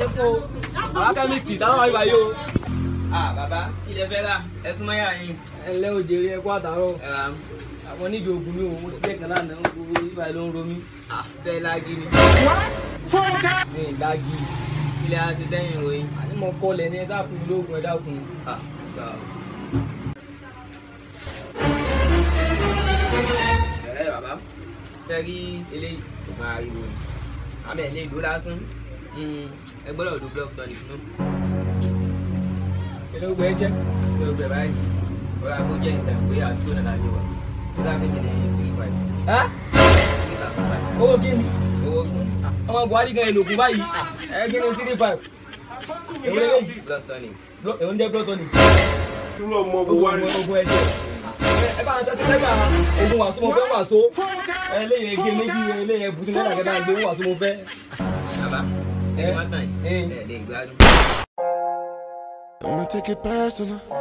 alẹ́kùn o bàbá ah bàbá kí lẹ fẹ́ rà ẹ súnmọ́ yà yín. ẹ ǹlẹ́ o jèrè ẹ kú àtàárọ̀ àwọn oníjó ogun ni òun sílẹ̀ kan lánàá ń gbogbo ibà ló ń romi. Ah, ṣe lági ni. fọ́nká. mi ì lági ilé a ti dẹ́yìn ìròyìn. àní mo kọlẹ̀ ní ẹ sáà fún mi lóògùn ẹ dákun. Ah, ẹ bàbá ṣe rí Hmm, ẹ gbọ́dọ̀ lo block tonic náà. kẹlẹ́ ó gbẹ ẹ jẹ́. kẹlẹ́ ó gbẹ báyìí ọ̀rọ̀ àgbo jẹ́ ìtàn pé àdúgbò náà láti wà tó dáa méjì ní three five. owó kí ni. owó kún. ọmọ Buhari gan èlòkùn báyìí ẹ kí ni three five. èwo lè léyìí. block tonic. èwo ń jẹ́ block tonic. irú ọmọ Buhari. ogun ẹ̀jẹ̀ ẹ bá ń sẹ́sẹ́ lẹ́gbà ogun wàásù mo fẹ́ wàásù eléyìí ege méjì eléyìí ẹ̀bùsùn náírà kẹta gbé wàásù mo fẹ́. Yeah. One night. Yeah. I'm gonna take it personal.